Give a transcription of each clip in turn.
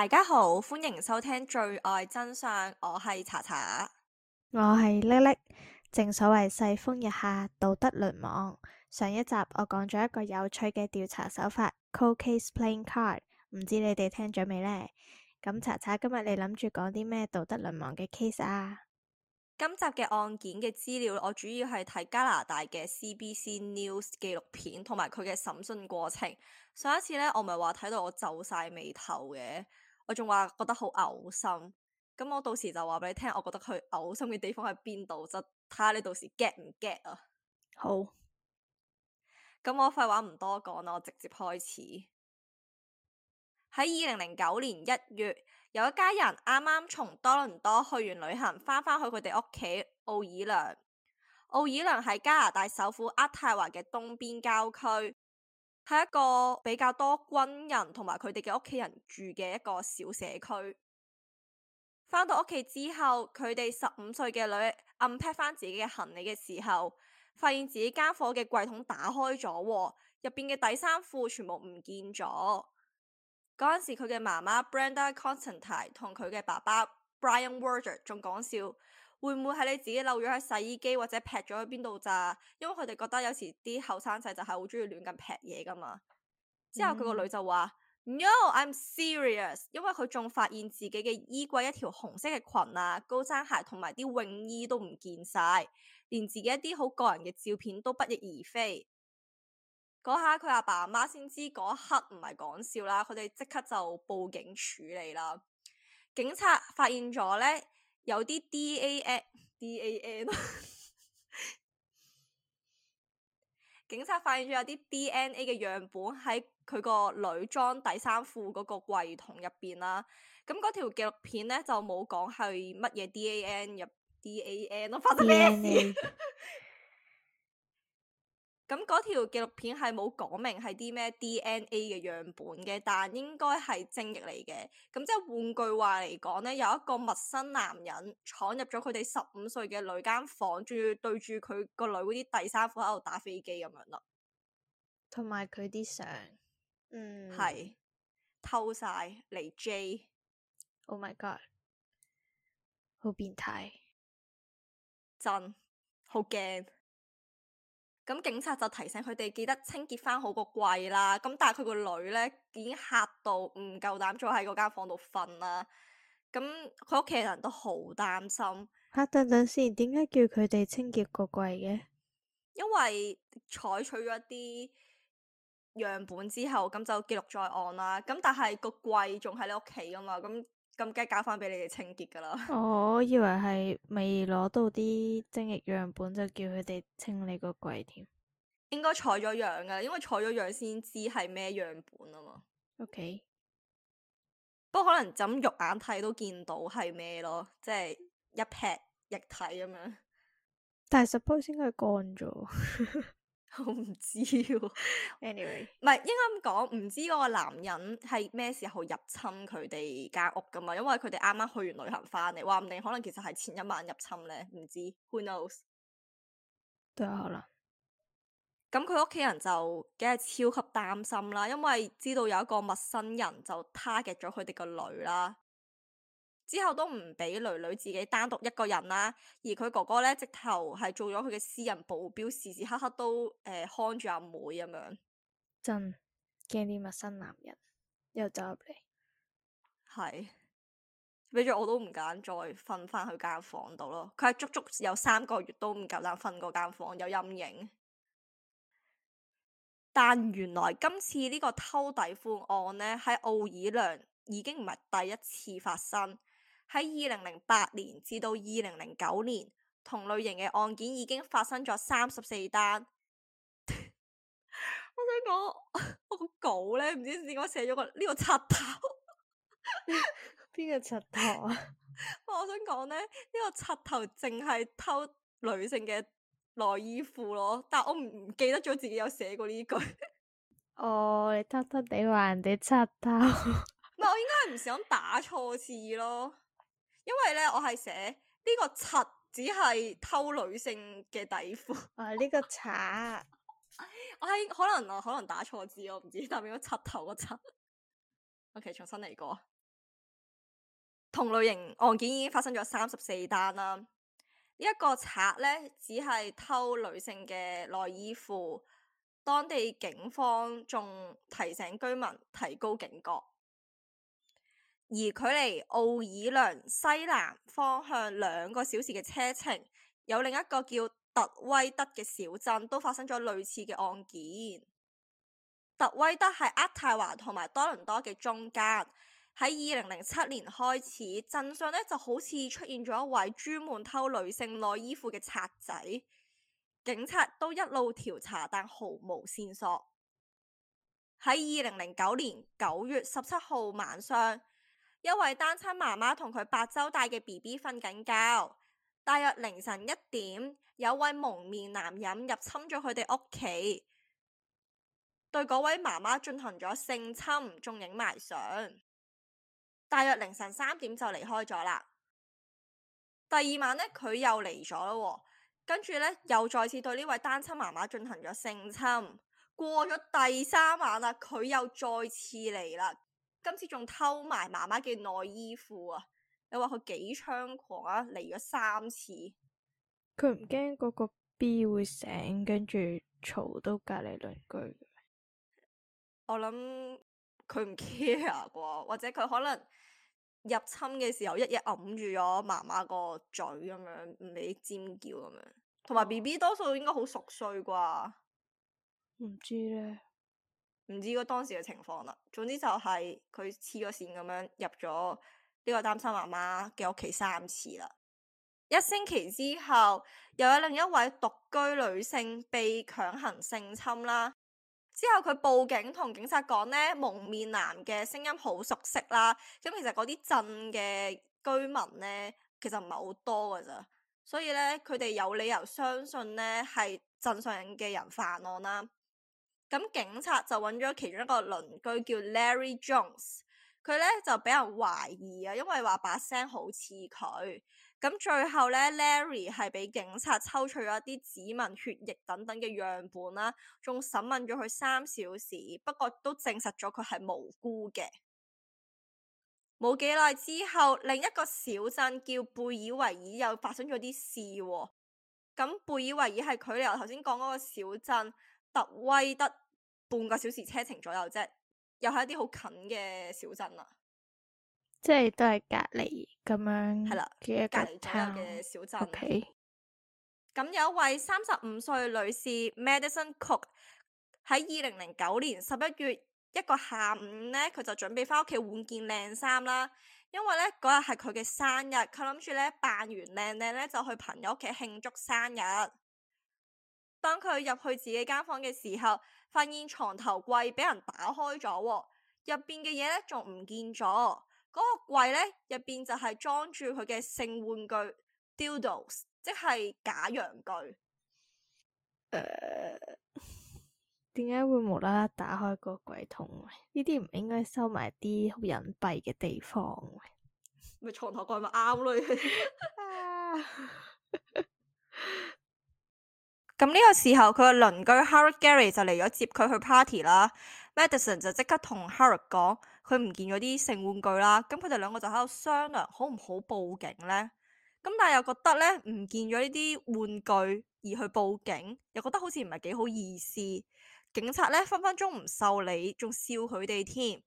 大家好，歡迎收聽《罪愛真相》，我係查查，我係叻叻。正所謂世風日下，道德淪亡。上一集我講咗一個有趣嘅調查手法，cold case playing card，唔知你哋聽咗未呢？咁查查，今日你諗住講啲咩道德淪亡嘅 case 啊？今集嘅案件嘅資料，我主要係睇加拿大嘅 CBC News 紀錄片，同埋佢嘅審訊過程。上一次呢，我唔係話睇到我皺晒眉頭嘅。我仲話覺得好嘔心，咁我到時就話俾你聽，我覺得佢嘔心嘅地方喺邊度，就睇下你到時 get 唔 get 啊！好，咁我廢話唔多講啦，我直接開始。喺二零零九年一月，有一家人啱啱從多倫多去完旅行，翻返去佢哋屋企奧爾良。奧爾良係加拿大首府渥太華嘅東邊郊區。係一個比較多軍人同埋佢哋嘅屋企人住嘅一個小社區。返到屋企之後，佢哋十五歲嘅女 unpack 返自己嘅行李嘅時候，發現自己間房嘅櫃桶打開咗，入邊嘅底衫褲全部唔見咗。嗰陣時佢嘅媽媽 Brenda Constantine 同佢嘅爸爸 Brian Warder 仲講笑。會唔會係你自己漏咗喺洗衣機或者劈咗去邊度咋？因為佢哋覺得有時啲後生仔就係好中意亂咁劈嘢噶嘛。之後佢個女就話、嗯、：No，I'm serious。因為佢仲發現自己嘅衣櫃一條紅色嘅裙啊、高踭鞋同埋啲泳衣都唔見晒，連自己一啲好個人嘅照片都不翼而飛。嗰下佢阿爸阿媽先知嗰一刻唔係講笑啦，佢哋即刻就報警處理啦。警察發現咗呢。有啲 D, AN, D A N D A N，警察發現咗有啲 D N A 嘅樣本喺佢個女裝底衫褲嗰個櫃桶入邊啦。咁嗰條紀錄片呢，就冇講係乜嘢 D, AN, D A N 入 D A N 咯，發生咩事？ 咁嗰條紀錄片係冇講明係啲咩 DNA 嘅樣本嘅，但應該係精液嚟嘅。咁即係換句話嚟講呢，有一個陌生男人闖入咗佢哋十五歲嘅女間房，仲要對住佢個女嗰啲第三款喺度打飛機咁樣啦。同埋佢啲相，嗯，係偷晒嚟 J。Oh my god，好變態，真好驚。咁警察就提醒佢哋記得清潔翻好個櫃啦。咁但係佢個女咧已經嚇到唔夠膽再喺嗰間房度瞓啦。咁佢屋企人都好擔心。嚇、啊，等等先，點解叫佢哋清潔個櫃嘅？因為採取咗一啲樣本之後，咁就記錄在案啦。咁但係個櫃仲喺你屋企吖嘛？咁。咁梗係搞返畀你哋清潔噶啦！我以為係未攞到啲精液樣本就叫佢哋清理個櫃添。應該採咗樣噶，因為採咗樣先知係咩樣本啊嘛。O K，不過可能就肉眼睇都見到係咩咯，即係一劈液體咁樣。但係 suppose 應該係乾咗。 我唔 Anyway, 知，anyway，唔係應該咁講，唔知嗰個男人係咩時候入侵佢哋間屋噶嘛？因為佢哋啱啱去完旅行翻嚟，話唔定可能其實係前一晚入侵咧，唔知，who knows？都有可能。咁佢屋企人就梗係超級擔心啦，因為知道有一個陌生人就 target 咗佢哋個女啦。之後都唔俾女女自己單獨一個人啦，而佢哥哥呢直頭係做咗佢嘅私人保鏢，時時刻刻都誒、呃、看住阿妹咁樣。真驚啲陌生男人又走入嚟，係俾咗我都唔敢再瞓翻去間房度咯。佢係足足有三個月都唔夠膽瞓嗰間房，有陰影。但原來今次呢個偷底褲案呢，喺奧爾良已經唔係第一次發生。喺二零零八年至到二零零九年，同類型嘅案件已經發生咗三十四單。我想講我個稿咧，唔知點解寫咗個呢、這個賊頭。邊 個賊頭啊？ 我想講咧，呢、這個賊頭淨係偷女性嘅內衣褲咯，但我唔記得咗自己有寫過呢句。哦，你偷偷地話人哋賊頭。唔 係，我應該唔想打錯字咯。因為咧，我係寫呢個柒只係偷女性嘅底褲。 啊，呢個賊， 我係可能我可能打錯字，我唔知代表咗賊頭個賊。 OK，重新嚟過。同類型案件已經發生咗三十四單啦。呢一個賊咧，只係偷女性嘅內衣褲。當地警方仲提醒居民提高警覺。而距離奧爾良西南方向兩個小時嘅車程，有另一個叫特威德嘅小鎮，都發生咗類似嘅案件。特威德喺渥太華同埋多倫多嘅中間。喺二零零七年開始，鎮上呢就好似出現咗一位專門偷女性內衣褲嘅賊仔，警察都一路調查，但毫無線索。喺二零零九年九月十七號晚上。一位單親媽媽同佢八周大嘅 B B 瞓緊覺，大約凌晨一點，有位蒙面男人入侵咗佢哋屋企，對嗰位媽媽進行咗性侵，仲影埋相。大約凌晨三點就離開咗啦。第二晚呢，佢又嚟咗喎，跟住呢，又再次對呢位單親媽媽進行咗性侵。過咗第三晚啦，佢又再次嚟啦。今次仲偷埋媽媽嘅內衣褲啊！你話佢幾猖狂啊？嚟咗三次，佢唔驚嗰個 B 會醒，跟住嘈到隔離鄰居。我諗佢唔 care 啩，或者佢可能入侵嘅時候一嘢揞住咗媽媽個嘴咁樣，唔俾尖叫咁樣。同埋 BB 多數應該好熟睡啩，唔知咧。唔知嗰當時嘅情況啦。總之就係佢黐個線咁樣入咗呢個單親媽媽嘅屋企三次啦。一星期之後，又有另一位獨居女性被強行性侵啦。之後佢報警同警察講咧，蒙面男嘅聲音好熟悉啦。咁其實嗰啲鎮嘅居民咧，其實唔係好多㗎咋。所以咧，佢哋有理由相信咧，係鎮上嘅人犯案啦。咁警察就揾咗其中一個鄰居叫 Larry Jones，佢呢就俾人懷疑啊，因為話把聲好似佢。咁最後呢，Larry 係俾警察抽取咗一啲指紋、血液等等嘅樣本啦，仲審問咗佢三小時，不過都證實咗佢係無辜嘅。冇幾耐之後，另一個小鎮叫貝爾維爾又發生咗啲事喎。咁貝爾維爾係距離我頭先講嗰個小鎮特威德半個小時車程左右啫，又係一啲好近嘅小鎮啦。即係都係隔離咁樣，係啦，嘅隔離嘅小鎮。OK，咁有一位三十五歲女士 Madison Cook 喺二零零九年十一月一個下午呢，佢就準備翻屋企換件靚衫啦。因為呢嗰日係佢嘅生日，佢諗住呢扮完靚靚呢，就去朋友屋企慶祝生日。當佢入去自己間房嘅時候，發現床頭櫃俾人打開咗，入邊嘅嘢咧仲唔見咗？嗰個櫃咧入邊就係裝住佢嘅性玩具 Dildos 即係假陽具。誒、呃，點解會無啦啦打開個櫃桶？呢啲唔應該收埋啲好隱蔽嘅地方。咪床頭櫃咪啱咯。 咁呢個時候佢個鄰居 Harry Gary 就嚟咗接佢去 party 啦，Madison 就即刻同 Harry 講佢唔見咗啲性玩具啦，咁佢哋兩個就喺度商量，好唔好報警咧？咁但係又覺得咧唔見咗呢啲玩具而去報警，又覺得好似唔係幾好意思。警察咧分分鐘唔受理，仲笑佢哋添。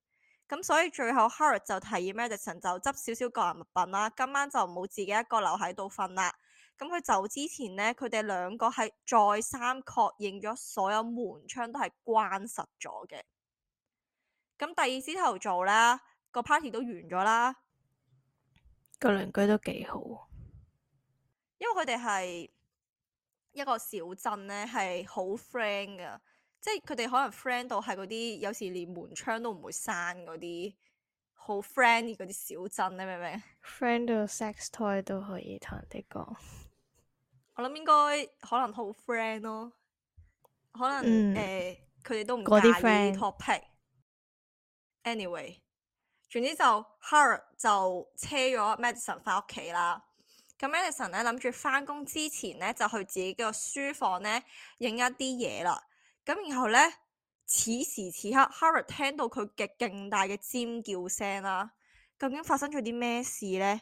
咁所以最後 Harry 就提議 Madison 就執少少個人物品啦，今晚就唔好自己一個留喺度瞓啦。咁佢走之前呢，佢哋兩個係再三確認咗所有門窗都係關實咗嘅。咁第二朝頭早啦，個 party 都完咗啦。個鄰居都幾好，因為佢哋係一個小鎮呢，係好 friend 噶，即係佢哋可能 friend 到係嗰啲有時連門窗都唔會閂嗰啲好 friendly 嗰啲小鎮你明唔明？friend 到 sex toy 都可以同人哋講。我諗應該可能好 friend 咯，可能誒佢哋都唔介意 topic。Anyway，總之就 Harry 就車咗 Madison 翻屋企啦。咁 Madison 咧諗住翻工之前咧就去自己嘅書房咧影一啲嘢啦。咁然後咧此時此刻 Harry 聽到佢嘅勁大嘅尖叫聲啦，究竟發生咗啲咩事咧？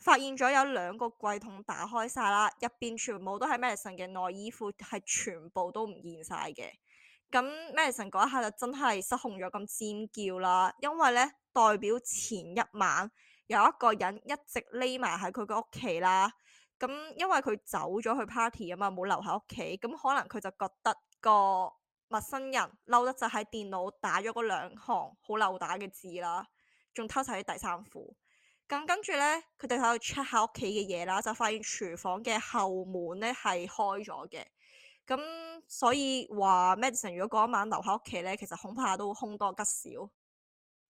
發現咗有兩個櫃桶打開晒啦，入邊全部都係 Madison 嘅內衣褲，係全部都唔見晒嘅。咁 Madison 嗰一刻就真係失控咗咁尖叫啦，因為咧代表前一晚有一個人一直匿埋喺佢嘅屋企啦。咁因為佢走咗去 party 啊嘛，冇留喺屋企，咁可能佢就覺得個陌生人嬲得就喺電腦打咗嗰兩行好流打嘅字啦，仲偷晒啲第三副。咁跟住呢，佢哋喺度 check 下屋企嘅嘢啦，就發現廚房嘅後門呢係開咗嘅。咁所以話 Madison 如果嗰一晚留喺屋企呢，其實恐怕都凶多吉少。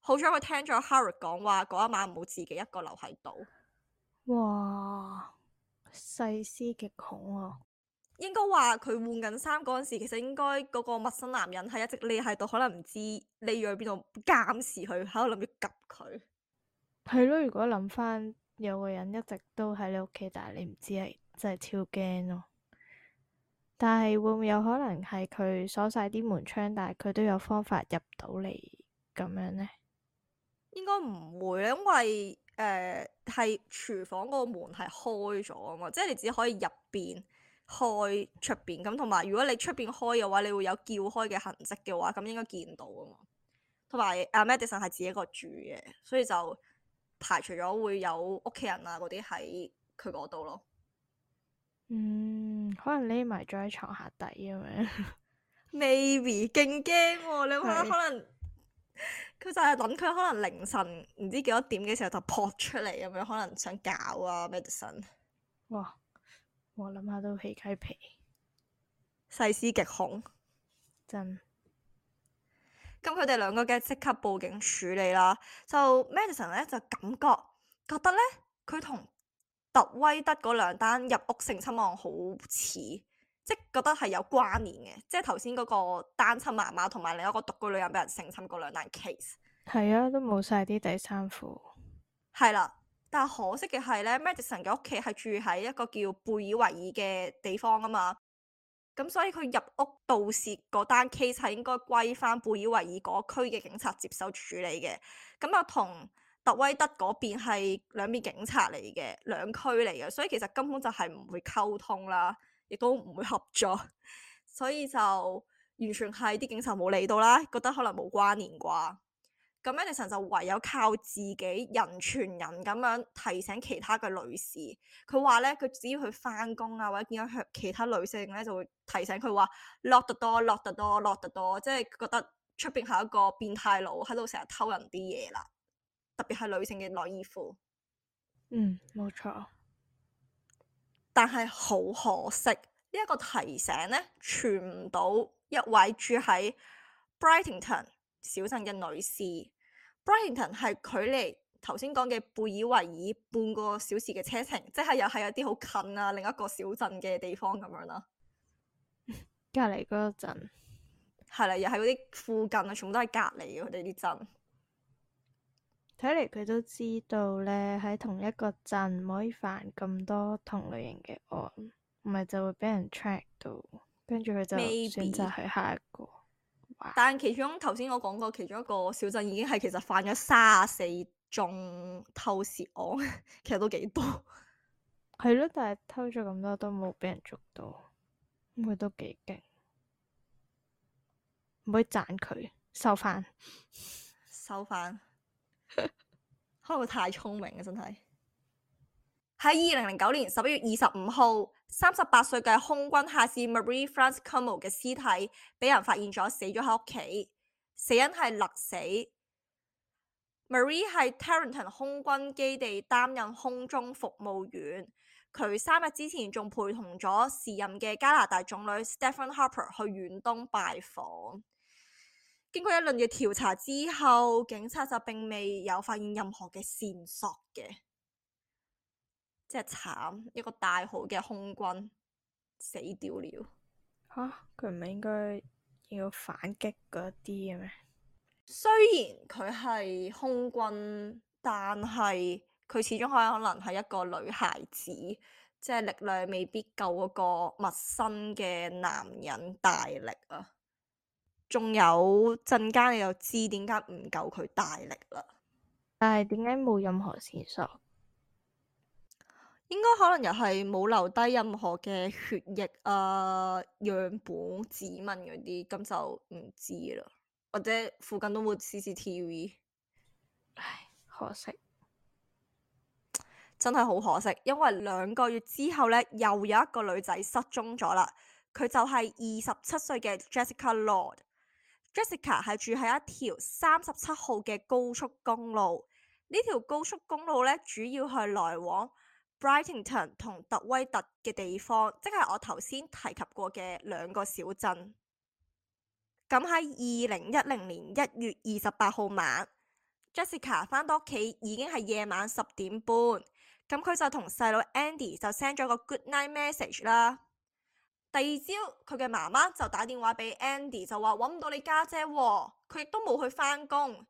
好彩佢聽咗 Harry 講話，嗰一晚唔好自己一個留喺度。哇！細思極恐啊！應該話佢換緊衫嗰陣時，其實應該嗰個陌生男人係一直匿喺度，可能唔知匿咗邊度監視佢，喺度諗住 𥄫 佢。係咯，如果諗翻有個人一直都喺你屋企，但係你唔知係，真係超驚咯。但係會唔會有可能係佢鎖晒啲門窗，但係佢都有方法入到嚟咁樣呢？應該唔會，因為誒係廚房嗰個門係開咗啊嘛，即係你只可以入邊開出邊咁，同埋如果你出邊開嘅話，你會有撬開嘅痕跡嘅話，咁應該見到啊嘛。同埋阿 Madison 係自己一個住嘅，所以就。排除咗會有屋企人啊嗰啲喺佢嗰度咯。嗯，可能匿埋咗喺床下底咁樣。 Maybe，勁驚、哦、是你諗下，可能佢就係等佢可能凌晨唔知幾多點嘅時候就撲出嚟咁樣，可能想搞啊 m e d i c i n e 哇，我諗下都起雞皮，細思極恐。真。咁佢哋兩個嘅即刻報警處理啦，就 Madison 呢，就感覺覺得呢，佢同特威德嗰兩單入屋性侵案好似，即係覺得係有關聯嘅，即係頭先嗰個單親媽媽同埋另一個獨居女人俾人性侵嗰兩單 case。係啊，都冇晒啲底衫褲。係啦、啊，但係可惜嘅係呢 Madison 嘅屋企係住喺一個叫貝爾維爾嘅地方啊嘛。咁、嗯、所以佢入屋盜竊嗰單 case 應該歸翻貝爾維爾嗰區嘅警察接手處理嘅，咁又同特威德嗰邊係兩邊警察嚟嘅，兩區嚟嘅，所以其實根本就係唔會溝通啦，亦都唔會合作，所以就完全係啲警察冇理到啦，覺得可能冇關連啩。咁 Edison 就唯有靠自己人傳人咁樣提醒其他嘅女士。佢話咧，佢只要去翻工啊，或者見到佢其他女性咧，就會提醒佢話 lock the door，lock the door，lock the door，即係覺得出邊係一個變態佬喺度成日偷人啲嘢啦。特別係女性嘅內衣褲。嗯，冇錯。但係好可惜，呢一個提醒咧，傳唔到一位住喺 Brighton 小鎮嘅女士 Brighton 係距離頭先講嘅貝爾維爾半個小時嘅車程，即係又係有啲好近啊，另一個小鎮嘅地方咁樣啦。隔籬嗰個鎮係啦，又係嗰啲附近啊，全部都係隔籬嘅佢哋啲鎮。睇嚟佢都知道咧，喺同一個鎮唔可以犯咁多同類型嘅案，唔係就會俾人 track 到，跟住佢就選擇去下一個。但其中頭先我講過，其中一個小鎮已經係其實犯咗三啊四宗偷竊案，其實都幾多，係咯。但係偷咗咁多都冇俾人捉到，咁佢都幾勁，唔可以讚佢收翻收翻，可能佢太聰明呀，真係喺二零零九年十一月二十五號。三十八歲嘅空軍下士 Marie-France Comeau 嘅屍體俾人發現咗，死咗喺屋企。死因係勒死。Marie 喺 Trenton 空軍基地擔任空中服務員，佢三日之前仲陪同咗時任嘅加拿大總理 Stephen Harper 去遠東拜訪。經過一輪嘅調查之後，警察就並未有發現任何嘅線索嘅。即係慘，一個大好嘅空軍死掉了。吓、啊，佢唔係應該要反擊嗰啲嘅咩？雖然佢係空軍，但係佢始終可能係一個女孩子，即係力量未必夠嗰個陌生嘅男人大力啊。仲有陣間你就知點解唔夠佢大力啦。但係點解冇任何線索？應該可能又係冇留低任何嘅血液啊、樣本、指紋嗰啲，咁就唔知啦。或者附近都冇 CCTV，唉，可惜 真係好可惜。因為兩個月之後呢，又有一個女仔失蹤咗啦。佢就係二十七歲嘅 Jessica Lord。Jessica 係住喺一條三十七號嘅高速公路。呢條高速公路呢，主要係來往 Brightington 同特威特嘅地方，即係我頭先提及過嘅兩個小鎮。咁喺二零一零年一月二十八號晚，Jessica 返到屋企已經係夜晚十點半，咁佢就同細佬 Andy 就 send 咗個 good night message 啦。第二朝佢嘅媽媽就打電話俾 Andy，就話揾唔到你家姐喎，佢亦都冇去返工。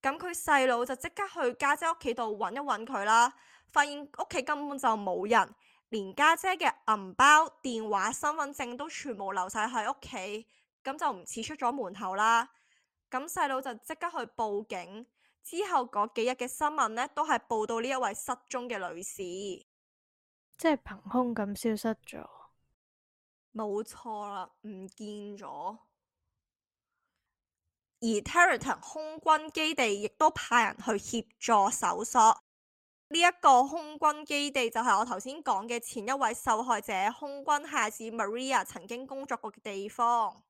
咁佢細佬就即刻去家姐屋企度揾一揾佢啦。發現屋企根本就冇人，連家姐嘅銀包、電話、身份證都全部留晒喺屋企，咁就唔似出咗門口啦。咁細佬就即刻去報警，之後嗰幾日嘅新聞呢都係報道呢一位失蹤嘅女士，即係憑空咁消失咗，冇錯啦，唔見咗。而 Trenton 空軍基地亦都派人去協助搜索。呢一個空軍基地就係我頭先講嘅前一位受害者空軍下士 Maria 曾經工作過嘅地方。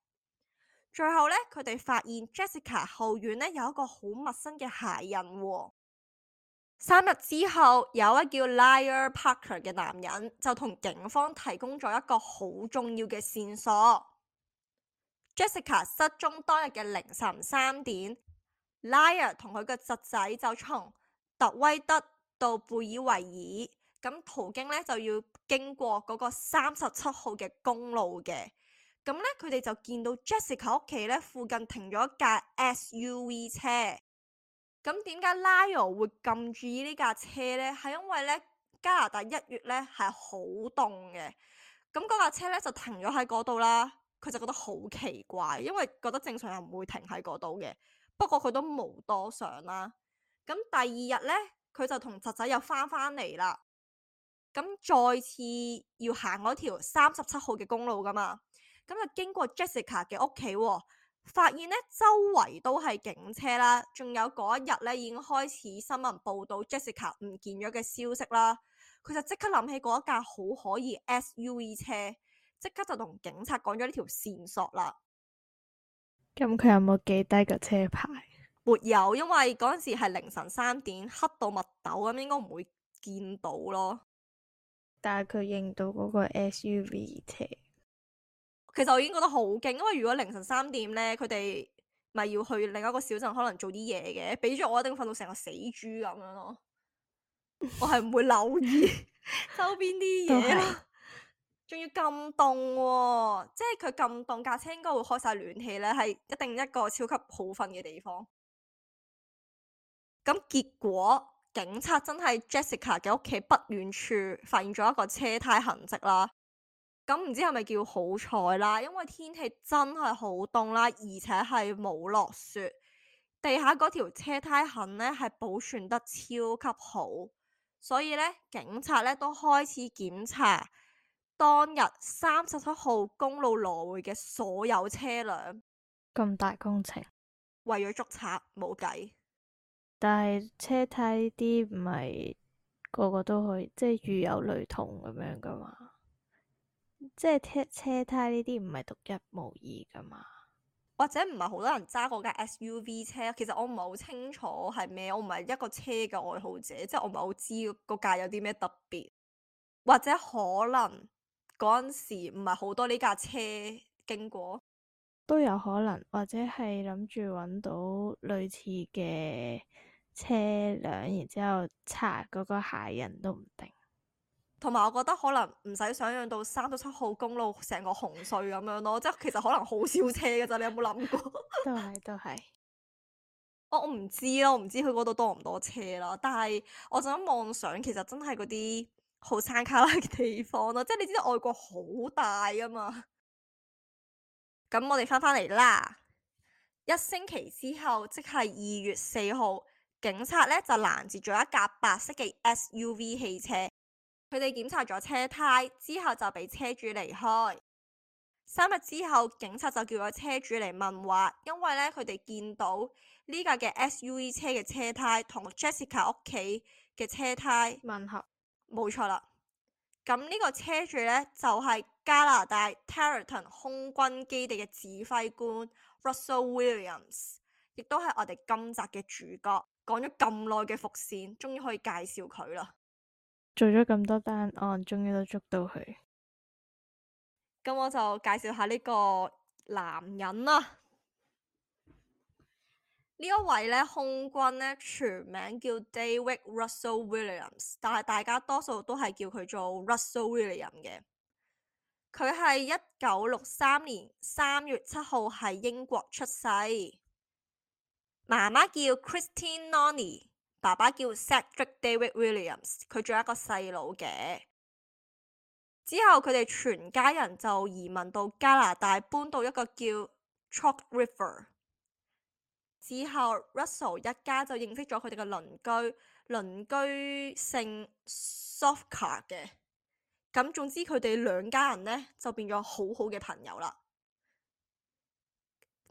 最後呢，佢哋發現 Jessica 後院呢有一個好陌生嘅鞋印喎、哦。三日之後，有一個叫 Liar Parker 嘅男人就同警方提供咗一個好重要嘅線索。 Jessica 失蹤當日嘅凌晨三點，Liar 同佢嘅侄仔就從特威德。到貝爾維爾，咁途經咧就要經過嗰個三十七號嘅公路嘅，咁咧佢哋就見到 Jessica 屋企，咧附近停咗一架 SUV 車，咁點解 Leo 會咁注意呢架車咧？係因為咧加拿大一月咧係好凍嘅，咁嗰架車咧就停咗喺嗰度啦，佢就覺得好奇怪，因為覺得正常人唔會停喺嗰度嘅，不過佢都冇多想啦。咁第二日咧。佢就同侄仔又翻返嚟啦，咁再次要行嗰條三十七號嘅公路噶嘛，咁就經過 Jessica 嘅屋企，發現咧周圍都係警車啦，仲有嗰一日咧已經開始新聞報道 Jessica 唔見咗嘅消息啦，佢就即刻諗起嗰一架好可疑 SUV 車，即刻就同警察講咗呢條線索啦。咁佢有冇記低個車牌？沒有，因為嗰陣時係凌晨三點，黑到墨斗咁，應該唔會見到咯。但係佢認到嗰個 SUV 車，其實我已經覺得好勁，因為如果凌晨三點咧，佢哋咪要去另一個小鎮，可能做啲嘢嘅，俾咗我一定瞓到成個死豬咁樣咯。 我係唔會留意周邊啲嘢，仲 要咁凍喎，即係佢咁凍，架車應該會開晒暖氣咧，係一定一個超級好瞓嘅地方。咁結果，警察真係 Jessica 嘅屋企不遠處發現咗一個車胎痕跡啦。咁唔知係咪叫好彩啦？因為天氣真係好凍啦，而且係冇落雪，地下嗰條車胎痕呢係保存得超級好，所以呢警察呢都開始檢查當日三十七號公路來回嘅所有車輛。咁大工程，為咗捉賊，冇計。但係車胎呢啲唔係個個都可以，即係如有雷同咁樣噶嘛？即係車車胎呢啲唔係獨一無二噶嘛？或者唔係好多人揸過架 SUV 車？其實我唔係好清楚係咩，我唔係一個車嘅愛好者，即係我唔係好知個架有啲咩特別，或者可能嗰陣時唔係好多呢架車經過，都有可能，或者係諗住揾到類似嘅。車輛，然之後查嗰個鞋印都唔定，同埋我覺得可能唔使想象到三十七號公路成個紅隧咁樣咯， 即係其實可能好少車嘅咋。你有冇諗過？ 都係，都係、哦。我唔知咯，唔知佢嗰度多唔多車啦。但係我仲諗望想，其實真係嗰啲好山卡拉嘅地方咯，即係你知道外國好大啊嘛。咁我哋翻翻嚟啦，一星期之後即係二月四號。警察咧就攔截咗一架白色嘅 SUV 汽車，佢哋檢查咗車胎之後就俾車主離開。三日之後，警察就叫咗車主嚟問話，因為咧佢哋見到呢架嘅 SUV 車嘅車胎同 Jessica 屋企嘅車胎吻合，冇錯啦。咁呢個車主咧就係、是、加拿大 Territon 空軍基地嘅指揮官 Russell Williams，亦都係我哋今集嘅主角。講咗咁耐嘅伏線，終於可以介紹佢啦。做咗咁多單案，終於都捉到佢。咁我就介紹下呢個男人啦。呢一位呢，空軍呢，全名叫 David Russell Williams，但係大家多數都係叫佢做 Russell Williams 嘅。佢係一九六三年三月七號喺英國出世。媽媽叫 Christine Nony，爸爸叫 Cedric David Williams，佢仲有一個細佬嘅。之後佢哋全家人就移民到加拿大，搬到一個叫 Chalk River。之後 Russell 一家就認識咗佢哋嘅鄰居，鄰居姓 Sofka 嘅。咁總之佢哋兩家人呢，就變咗好好嘅朋友啦。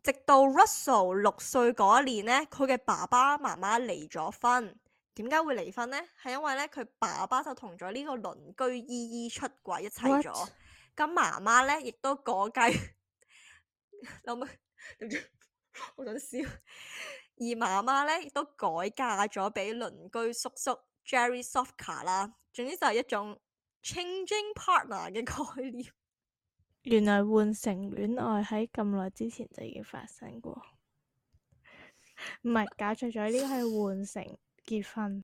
直到 Russell 六歲嗰年呢，佢嘅爸爸媽媽離咗婚。點解會離婚呢？係因為呢，佢爸爸就同咗呢個鄰居姨姨出軌一齊咗，咁媽媽呢，亦都嗰計諗乜？點知好想笑有沒有。 而媽媽呢，亦都改嫁咗俾鄰居叔叔，叔 Jerry Softka 啦。總之就係一種 changing partner 嘅概念。原來換成戀愛喺咁耐之前就已經發生過，唔 係搞錯咗，呢個係換成結婚，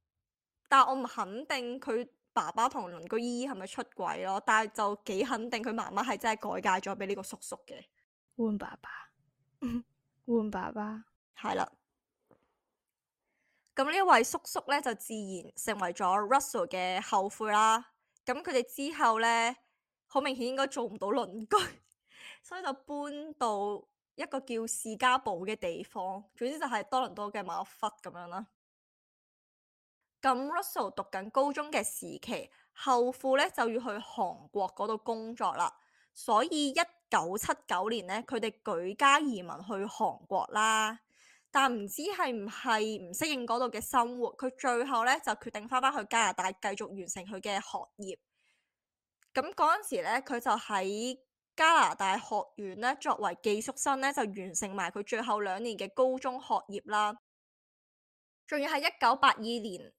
但係我唔肯定佢爸爸同鄰居姨姨係咪出軌咯，但係就幾肯定佢媽媽係真係改嫁咗俾呢個叔叔嘅，換爸爸，換 爸爸，係啦 爸，咁呢位叔叔咧就自然成為咗 Russell 嘅後父啦，咁佢哋之後咧。好明顯應該做唔到鄰居， 所以就搬到一個叫士嘉堡嘅地方。總之就係多倫多嘅馬弗咁樣啦。咁 Russell 讀緊高中嘅時期，後父咧就要去韓國嗰度工作啦，所以一九七九年咧，佢哋舉家移民去韓國啦。但唔知係唔係唔適應嗰度嘅生活，佢最後咧就決定翻翻去加拿大繼續完成佢嘅學業。咁嗰陣時咧，佢就喺加拿大學院咧，作為寄宿生咧，就完成埋佢最後兩年嘅高中學業啦。仲要喺一九八二年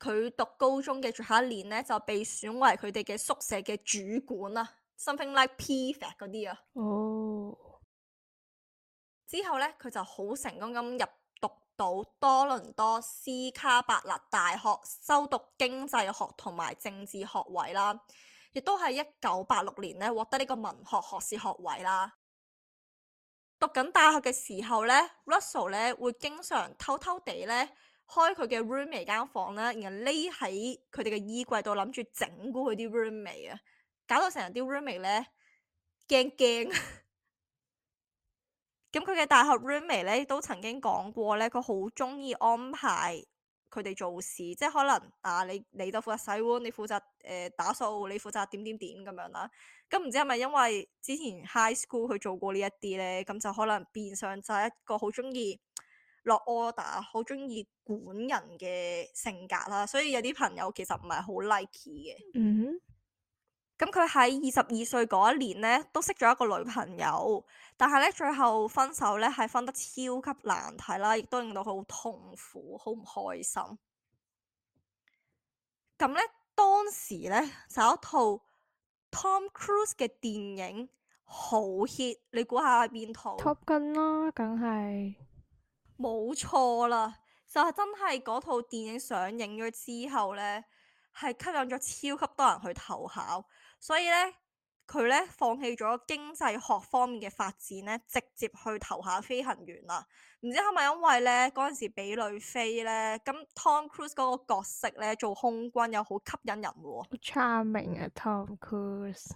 佢讀高中嘅最後一年咧，就被選為佢哋嘅宿舍嘅主管啦，something like p r f e c t prefect 嗰啲啊。哦。Oh. 之後咧，佢就好成功咁入讀到多倫多斯卡伯勒大學，修讀經濟學同埋政治學位啦。亦都係一九八六年呢獲得呢個文學學士學位啦。讀緊大學嘅時候呢 Russell 呢會經常偷偷地呢開佢嘅 roommate 間房啦，然後匿喺佢哋嘅衣櫃度諗住整蠱佢啲 roommate 啊，搞到成日啲 roommate 呢驚驚。咁佢嘅大學 roommate 呢都曾經講過呢，佢好中意安排。佢哋做事，即係可能啊，你你就負責洗碗，你負責誒、呃、打掃，你負責點點點咁樣啦。咁唔知係咪因為之前 high school 佢做過呢一啲呢，咁就可能變相就係一個好中意落 order、好中意管人嘅性格啦。所以有啲朋友其實唔係好 like 嘅。嗯哼。咁佢喺二十二歲嗰一年呢，都識咗一個女朋友，但係呢，最後分手呢，係分得超級難睇啦，亦都令到佢好痛苦，好唔開心。咁呢，當時呢，就有一套 Tom Cruise 嘅電影好 hit，你估下係邊套？Top Gun 啦，梗係冇錯啦，就係真係嗰套電影上映咗之後呢，係吸引咗超級多人去投考。所以咧，佢咧放棄咗經濟學方面嘅發展咧，直接去投下飛行員啦。唔知係咪因為咧嗰陣時比女飛咧，咁 Tom Cruise 嗰個角色咧做空軍又好吸引人喎，好 charming 啊 Tom Cruise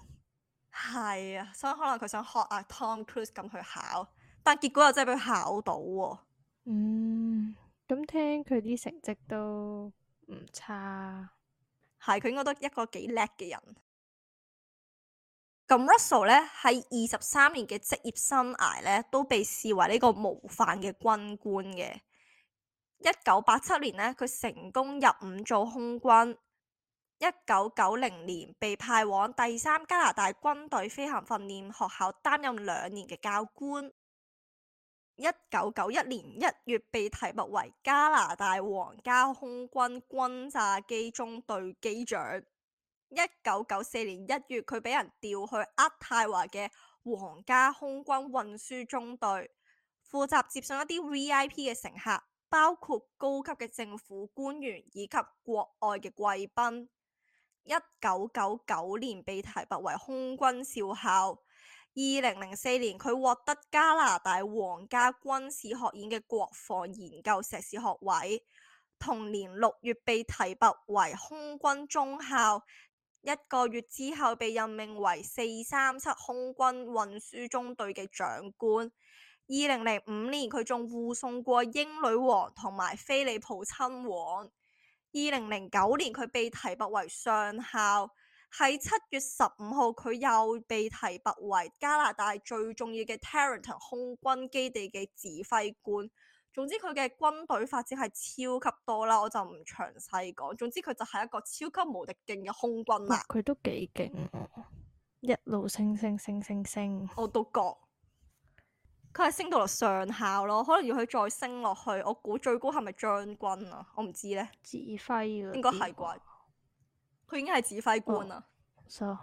係啊，所以可能佢想學啊 Tom Cruise 咁去考，但結果又真係俾佢考到喎，啊。嗯，咁聽佢啲成績都唔差，係佢、啊、應該都一個幾叻嘅人。咁 Russell 呢喺二十三年嘅職業生涯呢，都被視為呢個模範嘅軍官嘅。一九八七年呢，佢成功入伍做空軍。一九九零年被派往第三加拿大軍隊飛行訓練學校擔任兩年嘅教官。一九九一年一月被提拔為加拿大皇家空軍軍，轟炸機中隊機長。一九九四年一月，佢俾人調去渥太華嘅皇家空軍運輸中隊，負責接送一啲 VIP 嘅乘客，包括高級嘅政府官員以及國外嘅貴賓。一九九九年被提拔為空軍少校。二零零四年，佢獲得加拿大皇家軍事學院嘅國防研究碩士學位。同年六月被提拔為空軍中校。一個月之後被任命為四三七空軍運輸中隊嘅長官。二零零五年，佢仲護送過英女王同埋菲利普親王。二零零九年，佢被提拔為上校。喺七月十五號，佢又被提拔為加拿大最重要嘅 Trenton 空軍基地嘅指揮官。總之佢嘅軍隊發展係超級多啦，我就唔詳細講。總之佢就係一個超級無敵勁嘅空軍啦。佢、啊、都幾勁，一路升升升升升。我都覺佢係升到嚟上校咯，可能要佢再升落去，我估最高係咪將軍啊？我唔知咧。指揮應該係啩？佢已經係指揮官啦。佢、哦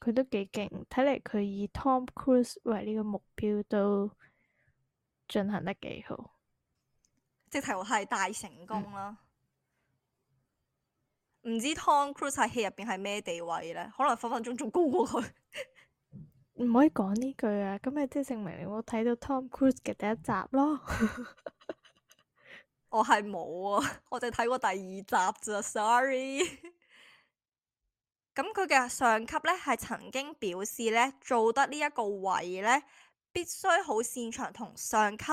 so, 都幾勁，睇嚟佢以 Tom Cruise 為呢個目標都。進行得幾好，直頭係大成功啦！唔、嗯、知 Tom Cruise 喺戲入邊係咩地位咧？可能分分鐘仲高過佢。唔可以講呢句啊！咁咪即係證明你冇睇到 Tom Cruise 嘅第一集咯。 我係冇啊，我就睇過第二集咋，sorry。咁佢嘅上級咧，係曾經表示咧，做得呢一個位咧。必須好擅長同上級、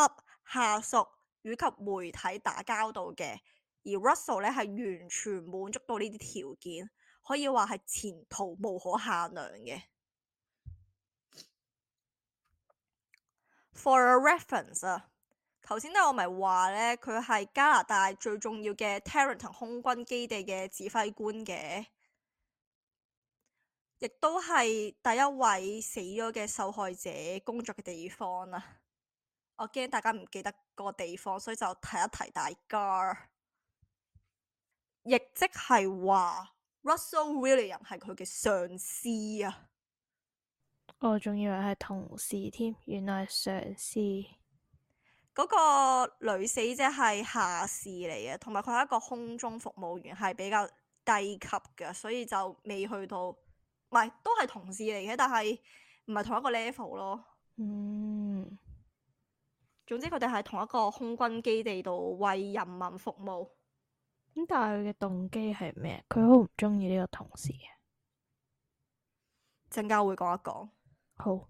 下屬以及媒體打交道嘅，而 Russell 咧係完全滿足到呢啲條件，可以話係前途無可限量嘅。For a reference 啊，頭先咧我咪話呢，佢係加拿大最重要嘅 Trenton 空軍基地嘅指揮官嘅。亦都係第一位死咗嘅受害者工作嘅地方啦，啊。我驚大家唔記得個地方，所以就提一提大家。亦即係話 Russell Williams 係佢嘅上司啊。哦、我仲以為係同事添，原來係上司。嗰個女死者係下士嚟嘅，同埋佢係一個空中服務員，係比較低級嘅，所以就未去到。唔係，都係同事嚟嘅，但係唔係同一個 level 咯。嗯，總之佢哋係同一個空軍基地度為人民服務。咁但係佢嘅動機係咩？佢好唔中意呢個同事。陣間會講一講。好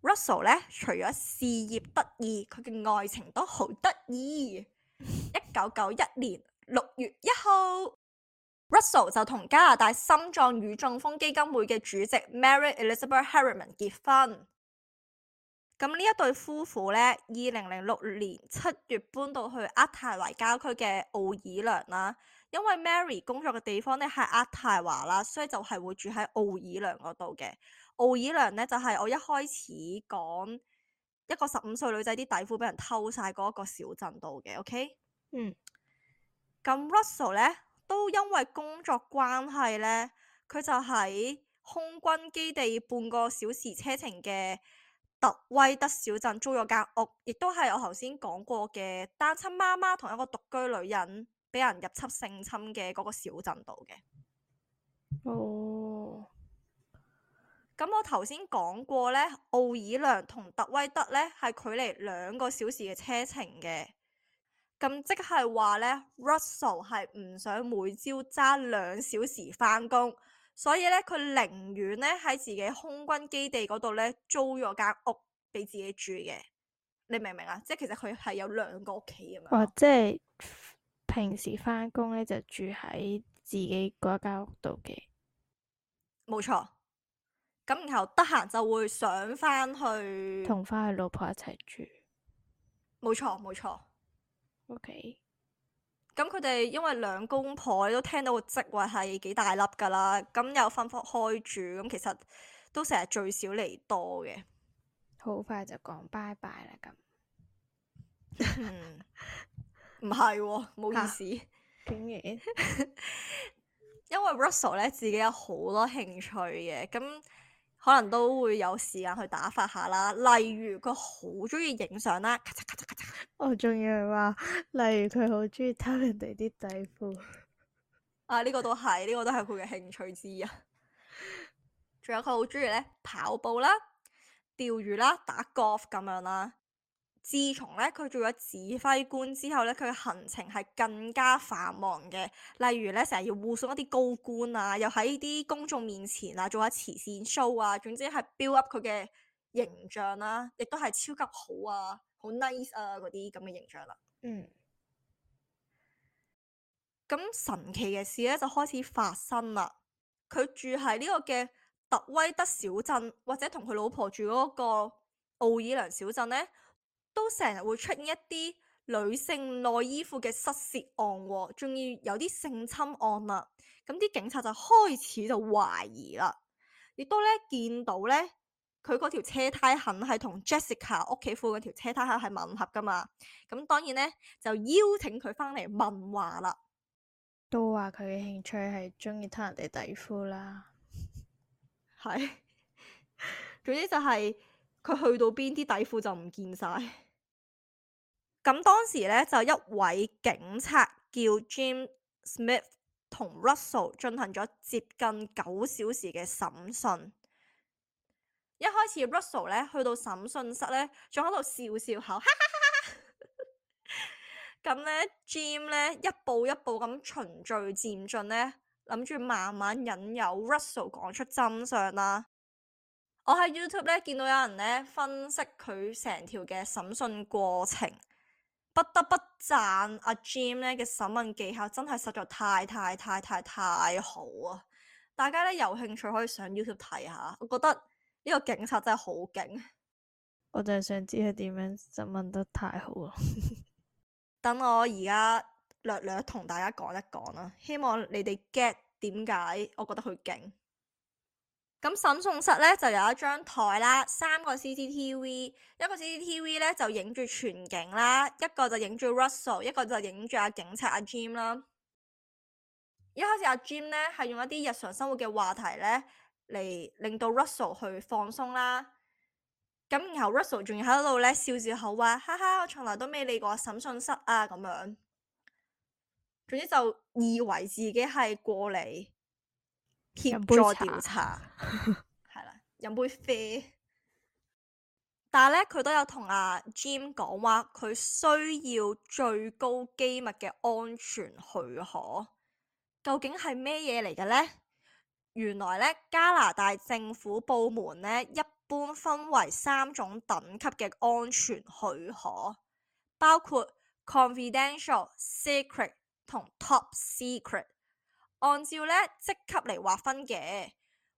，Russell 咧，除咗事業得意，佢嘅愛情都好得意。一九九一年六月一號。Russell 就同加拿大心臟與中風基金會嘅主席 Mary Elizabeth Harriman 結婚。咁呢一對夫婦呢，二零零六年七月搬到去渥太華郊區嘅奧爾良啦。因為 Mary 工作嘅地方呢係渥太華啦，所以就係會住喺奧爾良嗰度嘅。奧爾良呢，就係、是、我一開始講一個十五歲女仔啲底褲俾人偷晒嗰一個小鎮度嘅。OK，嗯。咁 Russell 呢？都因為工作關係呢，佢就喺空軍基地半個小時車程嘅特威德小鎮租咗間屋，亦都係我頭先講過嘅單親媽媽同一個獨居女人俾人入侵性侵嘅嗰個小鎮度嘅。哦，咁我頭先講過呢，奧爾良同特威德呢係距離兩個小時嘅車程嘅。咁即係話呢 Russell 係唔想每朝揸兩小時翻工，所以呢，佢寧願呢喺自己空軍基地嗰度呢租咗間屋俾自己住嘅。你明唔明啊？即係其實佢係有兩個屋企咁樣。哦，即係平時翻工呢就住喺自己嗰間屋度嘅。冇錯。咁然後得閒就會想翻去同翻佢老婆一齊住。冇錯，冇錯。O K，咁佢哋因為兩公婆都聽到個職位係幾大粒噶啦，咁又分分開住，咁其實都成日聚少離多嘅，好快就講拜拜啦咁，唔係，冇、 哦、意思，竟然，因為 Russell 咧自己有好多興趣嘅，咁。可能都會有時間去打發下啦，例如佢好中意影相啦，咔嚓咔嚓咔嚓，咔嚓。我仲要話，例如佢好中意偷人哋啲底褲。啊，呢個都係，呢個都係佢嘅興趣之一。仲 有佢好中意咧跑步啦、釣魚啦、打 golf 咁樣啦。自從咧佢做咗指揮官之後咧，佢嘅行程係更加繁忙嘅。例如咧，成日要護送一啲高官啊，又喺啲公眾面前啊做下慈善 show 啊，總之係 build up 佢嘅形象啦，亦都係超級好啊，好 nice 啊嗰啲咁嘅形象啦。嗯。咁神奇嘅事咧就開始發生啦。佢住喺呢個嘅特威德小鎮，或者同佢老婆住嗰個奧爾良小鎮咧。都成日會出現一啲女性內衣褲嘅失竊案，哦，仲要有啲性侵案啦。咁啲警察就開始就懷疑啦，亦都咧見到咧佢嗰條車胎痕係同 Jessica 屋企褲嗰條車胎痕係吻合噶嘛。咁當然咧就邀請佢翻嚟問話啦。都話佢嘅興趣係中意偷人哋底褲啦，係。總之就係、是、佢去到邊啲底褲就唔見晒。咁當時咧就一位警察叫 Jim Smith 同 Russell 進行咗接近九小時嘅審訊。一開始 Russell 咧去到審訊室咧，仲喺度笑笑口，哈哈哈哈哈！ 呢」咁咧 Jim 咧一步一步咁循序漸進咧，諗住慢慢引誘 Russell 講出真相啦。我喺 YouTube 咧見到有人咧分析佢成條嘅審訊過程。不得不讚阿 Jim 咧嘅審問技巧真係實在太太太太太好啊！大家咧有興趣可以上 YouTube 睇下，我覺得呢個警察真係好勁。我就係想知佢點樣審問得太好啊！ 等我而家略略同大家講一講啦，希望你哋 get 點解我覺得佢勁。咁審訊室咧就有一張枱啦，三個 CCTV，一個 CCTV 咧就影住全景啦，一個就影住 Russell，一個就影住阿警察阿、啊、Jim 啦、啊。一開始阿、啊、Jim 咧係用一啲日常生活嘅話題咧嚟令到 Russell 去放鬆啦。咁、啊、然後 Russell 仲要喺度咧笑住口話，哈哈，我從來都未嚟過審訊室啊，咁樣。總之就以為自己係過嚟協助調查， 係啦，飲杯啡。但係呢，佢都有同阿、啊、Jim 講話，佢需要最高機密嘅安全許可。究竟係咩嘢嚟嘅呢？原來呢，加拿大政府部門呢，一般分為三種等級嘅安全許可，包括 confidential、secret 同 top secret。按照咧職級嚟劃分嘅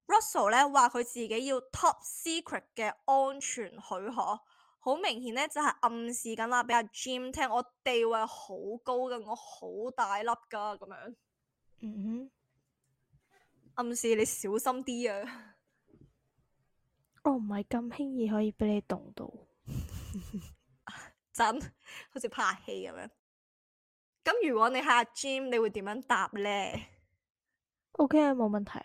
，Russell 咧，話佢自己要 top secret 嘅安全許可，好明顯咧就係、是、暗示緊啦，俾阿 Jim 聽我地位好高嘅，我好大粒噶咁樣。嗯哼，暗示你小心啲啊！我唔係咁輕易可以俾你動到， 真好的似 拍戲咁樣。咁如果你係阿 Jim，你會點樣答咧？O.K. 冇問題。